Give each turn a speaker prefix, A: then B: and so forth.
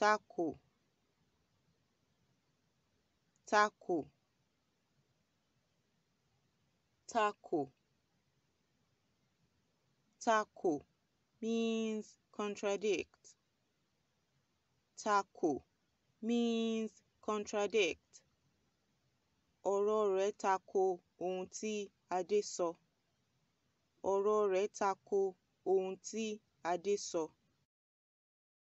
A: takò takò takò takò means contradict takò means contradict ọ̀rọ̀ rẹ̀ tako ohun tí Adé sọ ọ̀rọ̀ rẹ̀ tako ohun tí Adé sọ